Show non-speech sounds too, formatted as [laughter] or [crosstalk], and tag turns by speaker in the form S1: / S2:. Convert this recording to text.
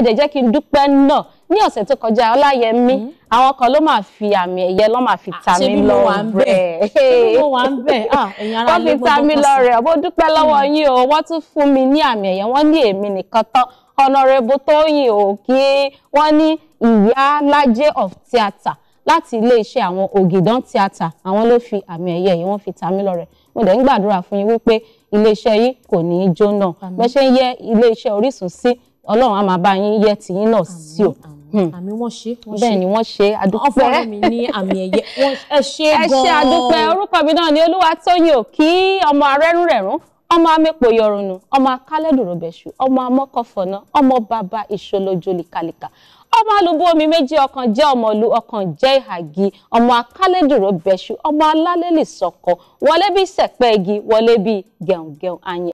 S1: ẹ̀dẹ̀ jẹ́ kí n dúpẹ́ náà ní ọ̀sẹ̀ tó kọjá ọláyẹmí mm-hmm. àwọn kan ló máa fi àmì ẹ̀yẹ ló máa fi ah, ta mí lọ rẹ̀ ah, wọ́n fi ta mí lọ rẹ̀ ọ̀bọ̀ dúpẹ́ lọ́wọ́ mm-hmm. yín o wọ́n tún fún mi ní àmì ẹ̀yẹ wọ́n ní èmi nìkan tán ọ̀nàrẹ́bù tóyìn ò kí wọ́n ní ìyá lájẹ́ of theatre láti iléeṣẹ́ àwọn ògìdán tíátà àwọn ló fi àmì ẹ̀yẹ yìí wọ́n fi ta mí lọ́rẹ mo dẹ̀ ń gbàdúrà fún yín wípé iléeṣẹ́ yìí kò ní í jóná bẹ́ẹ̀ ṣe ń yẹ iléeṣẹ́ Orísun sí ọlọ́run á máa bá yín yẹ tìyín náà sí o àmì hmm. wọ́n ṣe bẹ́ẹ̀ ni wọ́n ṣe adúpẹ́ wọ́n fọwọ́ mi ní àmì ẹ̀yẹ ẹ ṣe gan-an [laughs] ẹ ṣe adúpẹ́ orúkọ mi náà ni Olúwatóyìn Òkí ọmọ arẹ́rùnrẹ̀rún ọmọ amẹ́pò yọrùnù ọmọ akálẹ̀dùrọ̀bẹ̀ṣù ọmọ amọ́kọ̀fọ̀nà ọmọ bàbá ìṣolójó likalika ọmọ alùbú omi méjì ọkàn jẹ́ ọmọlú ọkàn jẹ́ ìhàgì ọmọ akálẹ̀dùrọ̀bẹ̀ṣù ọmọ alálẹ́lẹ̀ sọ̀kọ̀ wọlé bí sẹ̀pẹ́ igi wọlé bí gẹ̀ùngẹ̀ùn ayin